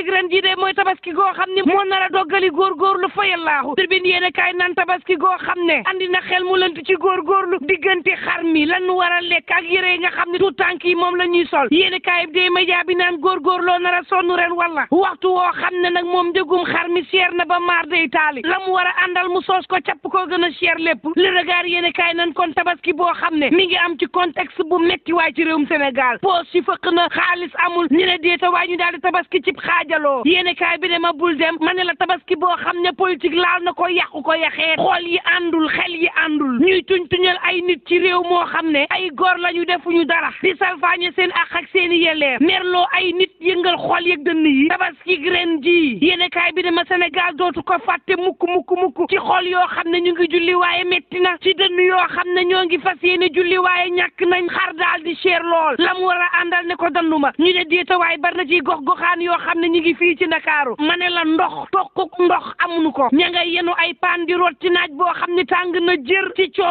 tabaski ren ji de mooy tabaski goo xam ne moo nar a doggali góorgóorlu fa yallaahu tribune yéene kaay naan tabaski goo xam ne andi na xel mu lënt ci góorgóorlu diggante xar mi lan war lekk ak yére yi nga xam ne tout tànk yi la ñuy sol yéene kaay bi de média bi naan góorgóorloo nar a sonn ren wala waxtu woo xam ne nag moom njëgum xar mi seer na ba maar day taali la mu war a àndal mu soos ko capp koo gën a seer lépp le regard yéene kaay nan kon tabaski boo xam ne mi ngi am ci contexte bu metti waay ci réewum Sénégal poos si fëq na xaalis amul dajaloo yéene kaay bi ne ma bul dem ma ne la tabaski boo xam ne politique laal na ko yàqu ko yaxee xool yi àndul xel tuñ-tuñal ay nit ci réew moo xam ne ay góor lañu defuñu dara di salfaañe seen àq ak seen i yelleef merloo ay nit yëngal xol yëg dënn yi tabaski ren ji yéenekaay bi dama Sénégal dootu ko fàtte mukk mukk mukk ci xol yoo xam ne ñu ngi julli waaye metti na ci dënn yoo xam ne ñoo ngi fas yéene julli waaye ñàkk na xar daal di cher lool la mu war a àndal ne ko dandu ma ñu ne déeta waaye bar na ci gox goxaan yoo xam ne ñu ngi fii ci Ndakaaru ma ne la ndox tokkuk ndox amuñu ko ña ngay yenu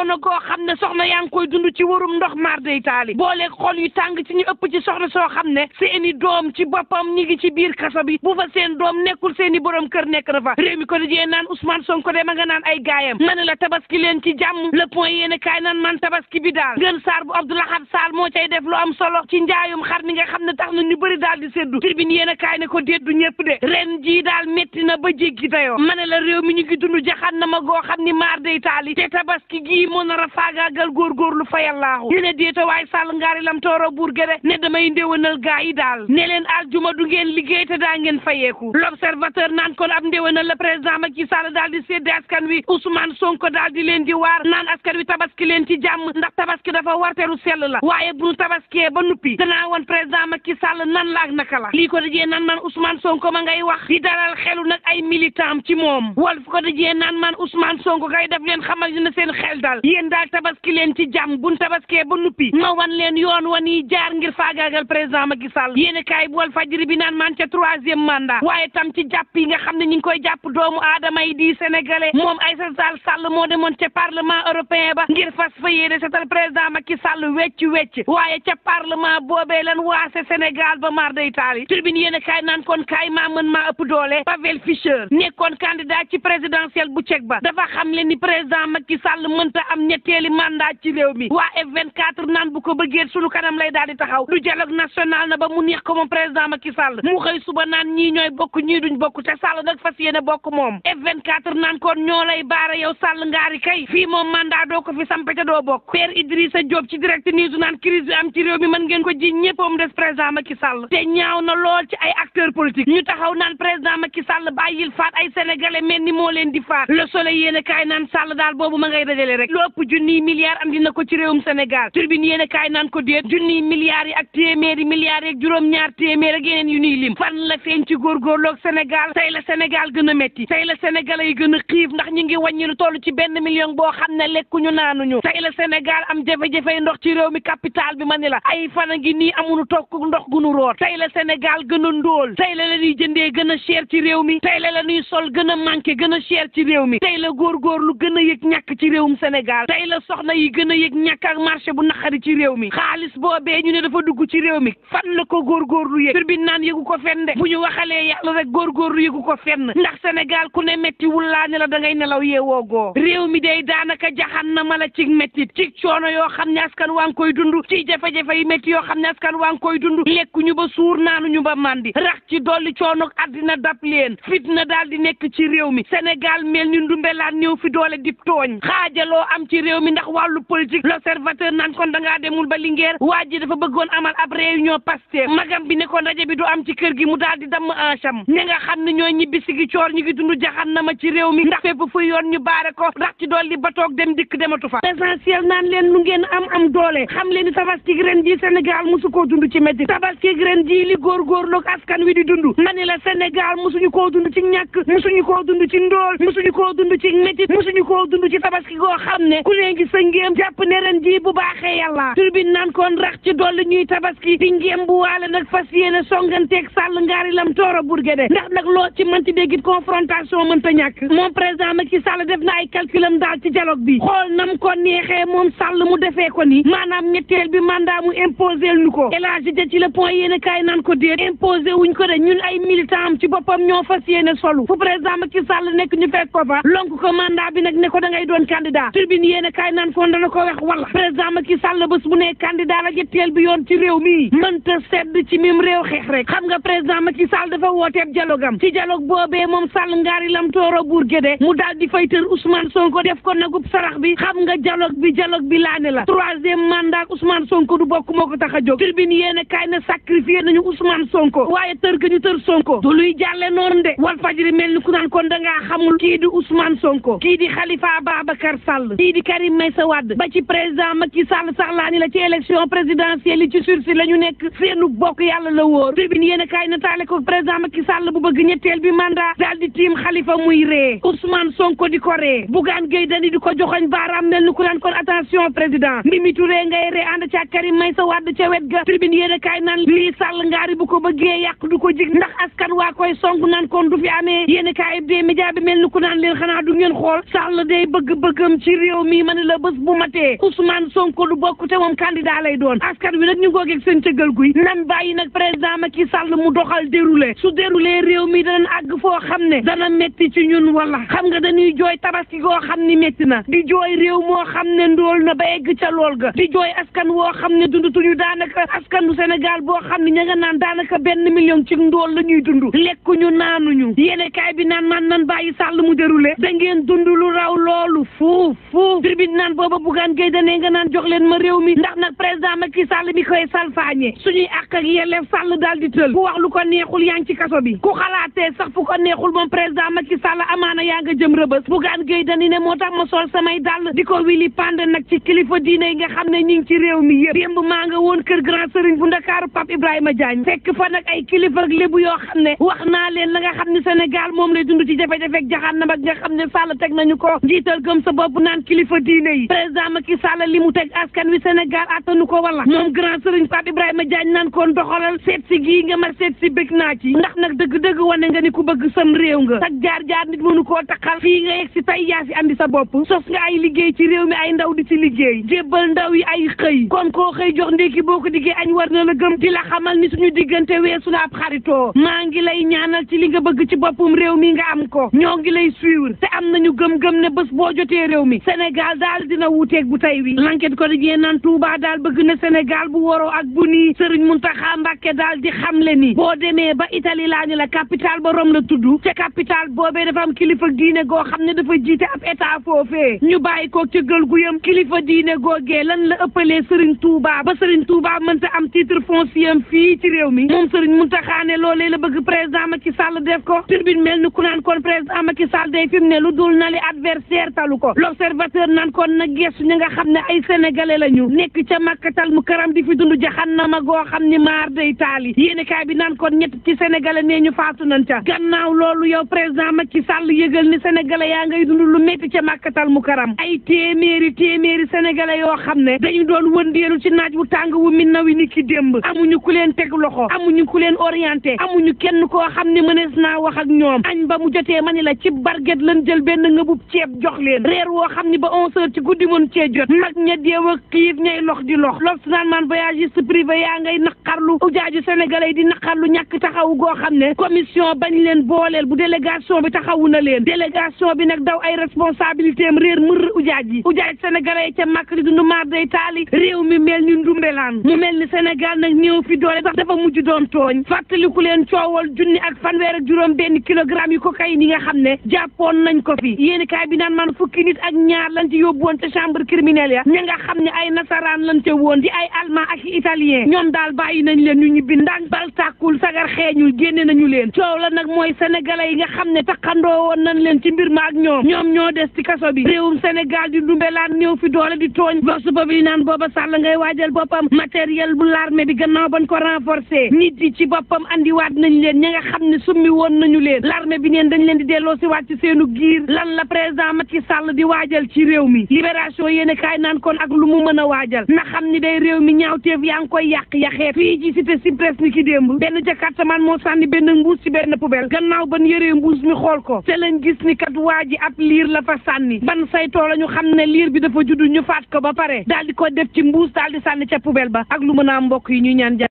jamono goo xam ne soxna yaa koy dund ci warum ndox maar day taali booleeg xol yu tàng ci ñu ëpp ci soxna soo xam ne seeni doom ci boppam ñi ngi ci biir kaso bi bu seen doom nekkul seeni borom kër nekk na fa réew mi ko dijee naan Ousmane Sonko de ma nga naan ay gaayam ma ne la tabaski leen ci jàmm le point yéen kaay naan man tabaski bi daal ngeen saar bu Abdoulahad Sall moo cay def lu am solo ci njaayum xar mi nga xam ne tax na ñu bëri daal di seddu tribune yéen kaay ne ko déddu ñëpp de ren jii daal metti na ba jéggi dayoo ma ne la réew mi ñu ngi dund jaxan na ma goo xam ni maar day taali te tabaski gii moo nar a faagaagal góorgóorlu fayal laahu ñu ne déeta waay sàll ngaari lam tooro buur gere ne damay ndéwénal gaa yi daal ne leen aljuma du ngeen liggéey te daa ngeen fayeeku l'observateur naan kon ab ndéwénal la président Macky Sall daal di sédde askan wi Ousmane Sonko daal di leen di waar naan askan wi tabaski leen ci jàmm ndax tabaski dafa warteru sel la waaye bu nu tabaskee ba nuppi danaa woon président Macky Sall nan la ak naka la lii ko dajee nan man Ousmane Sonko ma ngay wax di dalal xelu nag ay militant ci moom wal fu ko dajee man Ousmane Sonko kay daf leen xamal ne seen xel dal yéen daal tabaski leen ci jàmm buñ tabaskee ba nuppi ma wan leen yoon wan yi jaar ngir faagaagal président Macky Sall yéen kaay bu wal fajiri bi naan man ca troisième mandat waaye tam ci jàpp yi nga xam ne ñu ngi koy jàpp doomu aadama yi di sénégalais moom Aïssata Tall Sall moo demoon ca parlement européen ba ngir fas fa yéene setal président Macky Sall wecc wecc waaye ca parlement boobee lan waase Sénégal ba mar day taal yi tribune yéen kaay naan kon kaay maa mën maa ëpp bu Tchèque ba dafa am ñetteeli mandat ci réew mi waa F24 naan bu ko bëggee sunu kanam lay daal taxaw du dialogue national na ba mu neex ko moom président Macky Sall mu xëy suba naan ñii ñooy bokk ñii duñ bokk te Sall nag fas bokk moom F24 naan kon ñoo lay baara yow Sall ngaari kay fii moom mandat doo ko fi sampe doo bokk Père Idrissa Diop ci direct news naan crise bi am ci réew mi mën ngeen ko ji ñëppam des président Macky Sall te ñaaw ëpp junniy milliards andi na ko ci réewum Sénégal turbine yéen a kaay naan ko déet junniy milliards yi ak téeméeri milliards yeeg juróom-ñaar téeméer ak yeneen yu niy lim fan la feeñ ci góorgóorloog Sénégal tey la Sénégal gën a métti tey la Sénégalais yi gën a xiif ndax ñu ngi wàññi lu toll ci benn million boo xam ne lekkuñu naanuñu tey la Sénégal am jafe-jafey ndox ci réew mi capital bi ma ni la ay fan a ngi nii amunu tokk ndox gunu root tey la Sénégal gën a ndóol tey la la ñuy jëndee gën a cher ci réew mi tey la la ñuy sol gën a manqué gën a cher ci réew mi tey la góorgóorlu gën a yëg ñàkk ci réewum Sénégal Sénégal tey la soxna yi gën a yëg ñàkk ak bu naqari ci réew mi xaalis boobee ñu ne dafa dugg ci réew mi fan la ko góorgóorlu yëg turbine naan yëgu ko fenn de bu ñu waxalee yàlla rek góorgóorlu yëgu ko fenn ndax Sénégal ku ne metti laa ne la da ngay nelaw yeewoo goo réew mi day daanaka jaxannama la cig mettit ci coono yoo xam ne askan waa ngi koy dund ci jafe-jafe yi métti yoo xam ne askan waa ngi koy dund lekkuñu ba suur naanuñu ba màndi rax ci dolli coono àddina dab leen fitna daal di nekk ci réew mi Sénégal mel ni ndumbelaan ñëw fi doole dip tooñ xaajaloo ci réew mi ndax wàllu politique l'observateur naan kon da ngaa demul ba Linguère waa ji dafa bëggoon amal ab réunion Pastef magam bi ne kon bi du am ci kër gi mu daal damm encham ñi nga xam ne ñooy ñibbi sigi coor ñu ngi dund jaxannama ci réew mi ndax fépp fu yoon ñu baare ko rax ci dolli ba toog dem dikk dematu fa l'essentiel naan leen lu ngeen am am doole xam leen ni tabaski ren ji Sénégal mosu koo dund ci métti tabaski ren ji li góorgóorloog askan wi di dund ma ni la Sénégal mosuñu koo dund ci ñàkk koo dund ci ndóol mosuñu koo dund ci métti mosuñu ku ne ngi sa ngéem jàpp ne ren ji bu baaxee yàlla turbine naan kon rax ci dolli ñuy tabaski di ngéem bu waale nag fas yéene songanteeg sàll ngaari lam tooro burgede ndax nag loo ci mënti déggit confrontation mënta ñàkk moom président Macky Sall def na ay calculam daal ci dialogue bi xool nam ko neexee moom sàll mu defee ko ni maanaam ñetteel bi mandat mu imposé lu ko élage da ci le point yéene kaay naan ko déet imposé wuñ ko de ñun ay militant am tribune yéen a foon dana ko wax wala président Macky Sall bés bu ne candidat la jëtteel bi yoon ci réew mi mënta sedd ci mim réew xeex rek xam nga président Macky Sall dafa wooteeb dialogue am ci dialogue boobee moom Sall ngaari lam tooro buur mu daal di fay tër Ousmane Sonko def ko nagub sarax bi xam nga dialogue bi dialogue bi laane la troisième mandat Ousmane Sonko du bokk moo ko tax a jóg tribune yéen a kaay na sacrifié son Ousmane Sonko waaye tër ga ñu tër Sonko du luy jàlle noonu de Walfadjri mel ni ku naan kon dangaa xamul kii di kii di Karim Meïssa Wade ba ci président Macky Sall sax laa ni la ci élection présidentielle yi ci sursis la ñu nekk seenu bokk yàlla la wóor tribune yéen a kaay na taale ko président Macky Sall bu bëgg ñetteel bi mandat daal di tiim Khalifa muy ree Ousmane Sonko di ko ree Bougane Gueye Dany di ko joxoñ baaraam mel ni ku naan kon attention président Mimi Touré ngay ree ànd ca Karim Meïssa Wade ca wet ga tribune yéen a kaay naan lii Sall ngaari bu ko bëggee yàq du ko jig ndax koy song naan kon du fi amee yéen kaay bi média bi mel ni ku naan leen xanaa du ngeen xool Sall day bëgg-bëggam ci réew mii ma ne la bés bu matee Ousmane Sonko du bokk te moom candidat lay doon askan wi nag ñu ngoogeeg seen cëggal guy nan bàyyi nag président Macky Sall mu doxal déroulé su déroulé réew mi danañ àgg foo xam ne dana métti ci ñun wala xam nga dañuy jooy tabaski goo xam ni métti na di jooy réew moo xam ne ndóol na ba egg ca lool ga di jooy askan woo xam ne dundatuñu daanaka askanu Sénégal boo xam ne ña nga naan daanaka benn million ci ndóol la ñuy dund lekk lekkuñu naanuñu yéene kaay bi naan man nan bàyyi sàll mu déroulé da ngeen dund lu raw loolu fuuf fuuf tribune naan booba buggaan géy danee nga naan jox leen ma réew mi ndax nag président Macky Sall mi koy salfaañe suñuy àq ak yelleef sàll daal di tël ku wax lu ko neexul yan ngi ci kaso bi ku xalaatee sax fu ko neexul moom président Macky Sall amaana yaa nga jëm rëbës buggaan géy dani ne moo tax ma sol samay dàll di ko wili pande nag ci kilifa diine yi nga xam ne ñi ci réew mi yëpp démb maa nga woon kër grand sëriñ bu ndakaaru Pape Ibrahima Diagne fekk fa nag ay kilifa ak lébu yoo xam naa leen la nga xam ne senegal moom lay dund ci jafe-jafe ak jaxaanam ak nga xam ne Sall teg nañu ko njiital gëm sa bopp naan kilifa diina yi président Macky Sall li mu teg askan wi Sénégal attanu ko wala moom grand sëriñ Pape Ibrahima Diagne naan koon doxalal seet si gii nga ma seet si bëgg naa ci ndax nag dëgg-dëgg wane nga ni ku bëgg sam réew nga tak jaar-jaar nit mënu koo taxal fii nga yegg si tay yaa si andi sa bopp sos nga ay liggéey ci réew mi ay ndaw di ci liggéey jébbal ndaw yi ay xëy kon koo xëy jox ndéki boo ko diggee añ war na la gëm di la xamal ni suñu diggante weesu na ab xaritoo maa ñaanal ci li nga bëgg ci boppum réew mi nga am ko ñoo ngi lay suivre te am na ñu gëm-gëm ne bés boo jotee réew mi Sénégal daal dina wuuteeg bu tey wi lanket ko di ñeen naan Touba daal bëgg na Sénégal bu waroo ak bu nii Serigne Mountakha Mbacké daal di le nii boo demee ba itali laa ñu la capitale ba Rome la tudd ca capitale boobee dafa am kilifa diine goo xam ne dafa jiite ab état foofee bàyyi ko gël gu yam kilifa diine googee lan la ëppalee Serigne Touba ba Serigne Touba mënta am titre foncier fii ci réew mi moom Serigne Mountakha ne loolee la président Macky Sall def ko tribune mel ni ku naan kon président Macky Sall day fi mu ne lu dul na li adversaire talu ko l'observateur naan kon na gestu ñi nga xam ne ay sénégalais la ñu nekk ca màkkatal mu karam di fi dund jaxannama goo xam ni maar day taali yéeni kaay bi naan kon ñett ci sénégalais nee ñu faatu nañ ca gannaaw loolu yow président Macky sàll yëgal ni senegale yaa ngay dund lu métti ca màkkatal mu karam ay téeméeri téeméeri sénégalais yoo xam ne dañu doon wëndeelu ci naaj wu tàng wu min nawi ni ki démb amuñu ku leen teg loxo amuñu ku leen orienté amuñu kenn koo ñoo xam ne mënees naa wax ak ñoom añ ba mu jotee ma ni la ci barget lan jël benn ngëbub ceeb jox leen reer woo xam ni ba onze heures ci guddi mën cee jot mag ña deew ak xiif ñay lox di lox lof su naan maan voyagiste privé yaa ngay naqarlu ujaaju sénégalais di naqarlu ñàkk taxaw goo xam ne commission bañ leen booleel bu délégation bi taxawu na leen délégation bi nag daw ay responsabilité am réer mër ujaaj yi ujaaj sénégalais ca màkk di dund maar day taali réew mi mel ni ndumbelaan mu mel ni sénégal nag néew fi doole sax dafa mujj doon tooñ fàttaliku leen coowal junne junni ak fanweer ak juróom benn kilogramme ko cocaïne yi nga xam ne jàppoon nañ ko fi yéen kaay bi naan man fukki nit ak ñaar lañ ci yóbbu woon ca chambre criminelle ya ña nga xam ne ay nasaraan lañ te woon di ay allemand ak italien ñoom daal bàyyi nañ leen ñu ñibbi ndànk bal tàkkul sagar xeeñul génne nañu leen coow la nag mooy sénégalais yi nga xam ne taxandoo woon nañ leen ci mbir ma ak ñoom ñoom ñoo des ci kaso bi réewum Sénégal di ndumbelaan néew fi doole di tooñ vox boobu di naan booba Sall ngay waajal boppam matériel bu l'armée bi gannaaw bañ ko renforcer nit yi ci boppam andiwaat nañ leen ña xam ne summi woon nañu leen l'armée bi neen dañ leen di delloo si waat ci seenu giir lan la président Macky Sall di waajal ci réew mi libération yéen kaay naan kon ak lu mu mën a waajal na xam ni day réew mi ñaawteef yaa ngi koy yàq yaxeet fii ci cité si presse ni ki démb benn jakartamaan moo sànni benn mbuus ci benn poubelle gannaaw ban yëree mbuus mi xool ko te lañ gis ni kat waa ji ab liir la fa sànni ban saytoo la ñu xam ne liir bi dafa judd ñu faat ko ba pare daal di ko def ci mbuus daal sànni ca poubelle ba ak lu mën a mbokk yi ñuy ñaan